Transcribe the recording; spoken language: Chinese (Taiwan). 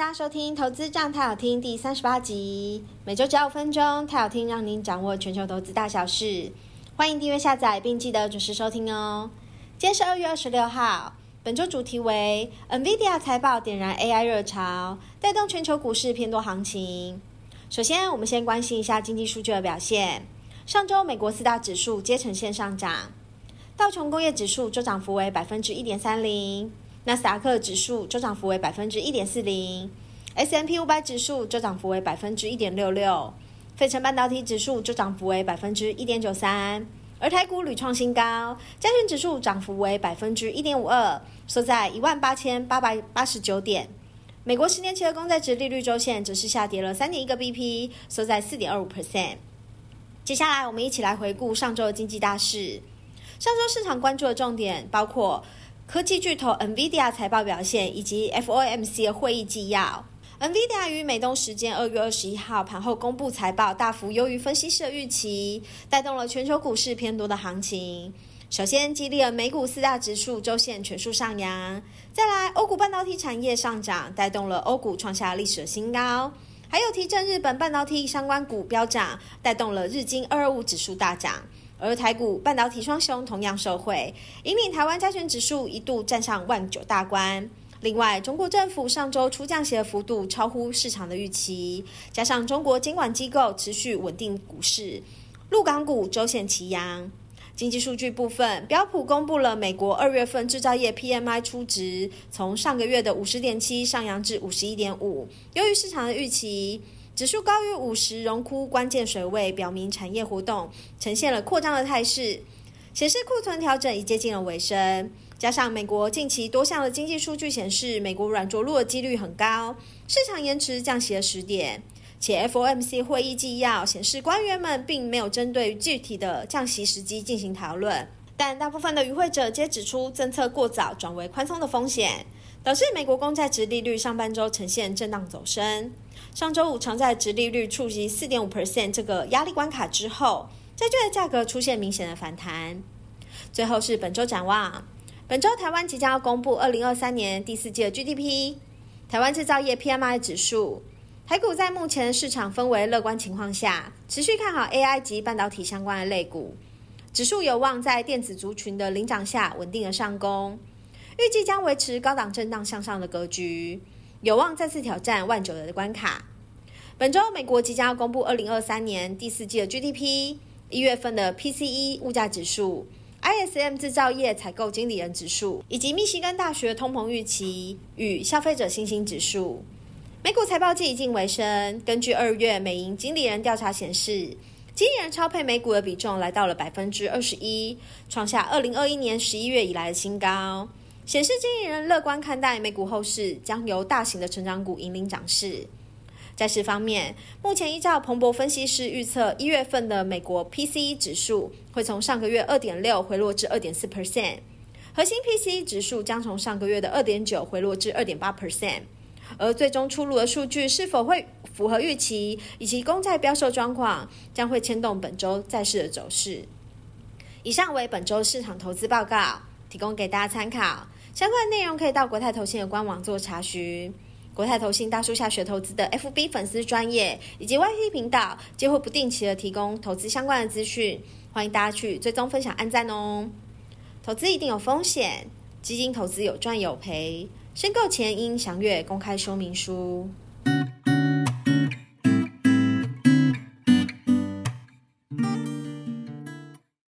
大家收聽《投資這樣泰好聽》第三十八集，每週只要五分鐘，泰好聽，讓您掌握全球投資大小事。歡迎訂閱下載，並記得準時收聽哦。今天是二月二十六號，本週主題為 Nvidia 財報點燃 AI 熱潮，帶動全球股市偏多行情。首先，我們先關心一下經濟數據的表現。上週，美國四大指數皆呈現上漲，道瓊工業指數週漲幅為百分之一點三零。納斯達克指數週漲幅為百分之一點四零，S&P 五百指數週漲幅為百分之一點六六，費城半導體指數週漲幅為百分之一點九三，而台股屢創新高，加權指數漲幅為百分之一點五二，收在一萬八千八百八十九點。美國十年期的公債殖利率周線則是下跌了三點一個 B P，收在四點二五 percent。接下來，我們一起來回顧上周的經濟大事。上周市場關注的重點包括，科技巨頭 Nvidia 財報表現以及 FOMC 的會議紀要，Nvidia 於美東時間二月二十一號盤後公布財報，大幅優於分析師的預期，帶動了全球股市偏多的行情。首先，激勵了美股四大指數週線全數上揚；再來，歐股半導體產業上漲，帶動了歐股創下的歷史的新高；還有提振日本半導體相關股飆漲，帶動了日經二二五指數大漲。而台股半導體雙雄同樣受惠，引領台灣加權指數一度站上萬九大關。另外，中國政府上周出降息的幅度超乎市場的預期，加上中國監管機構持續穩定股市，陸港股周線齊揚。經濟數據部分，標普公布了美國二月份製造業 PMI 初值，從上個月的五十點七上揚至五十一點五，優於市場的預期。指數高於五十榮枯關鍵水位，表明產業活動呈現了擴張的態勢，顯示庫存調整已接近了尾聲。加上美國近期多項的經濟數據顯示，美國軟着陸的幾率很高，市場延遲降息的時點。且 FOMC 會議紀要顯示，官員們並沒有針對具體的降息時機進行討論，但大部分的與會者皆指出，政策過早轉為寬鬆的風險。導致美國公債殖利率上半周呈現震盪走升。上周五，長債殖利率觸及四點五 percent 這個壓力關卡之後，債券的價格出現明顯的反彈。最後是本周展望。本周台灣即將要公布二零二三年第四季的 GDP、台灣製造業 PMI 指數。台股在目前市場氛圍樂觀情況下，持續看好 AI 及半導體相關的類股，指數有望在電子族群的領漲下，穩定的上攻。預計將維持高檔震盪向上的格局，有望再次挑戰萬九的關卡。本周美國即將要公布二零二三年第四季的 G D P、一月份的 P C E 物價指數、I S M 製造業採購經理人指數以及密西根大學通膨預期與消費者信心指數。美股財報季已近尾聲，根據二月美銀經理人調查顯示，經理人超配美股的比重來到了百分之二十一，創下二零二一年十一月以來的新高。顯示經營人樂觀看待美股後市，將由大型的成長股引領漲勢。債市方面，目前依照彭博分析師預測，一月份的美國 PCE 指數會從上個月二點六回落至二點四 percent，核心 PCE 指數將從上個月的二點九回落至二點八 percent。而最終出爐的數據是否會符合預期，以及公債標售狀況，將會牽動本週債市的走勢。以上為本週市場投資報告，提供給大家參考。相關內容可以到國泰投信的官網做查詢，國泰投信大樹下學投資的 FB 粉絲專頁以及 YT 頻道，將會不定期的提供投資相關的資訊，歡迎大家去追蹤分享按讚哦。投資一定有風險，基金投資有賺有賠，申購前應詳閱公開說明書。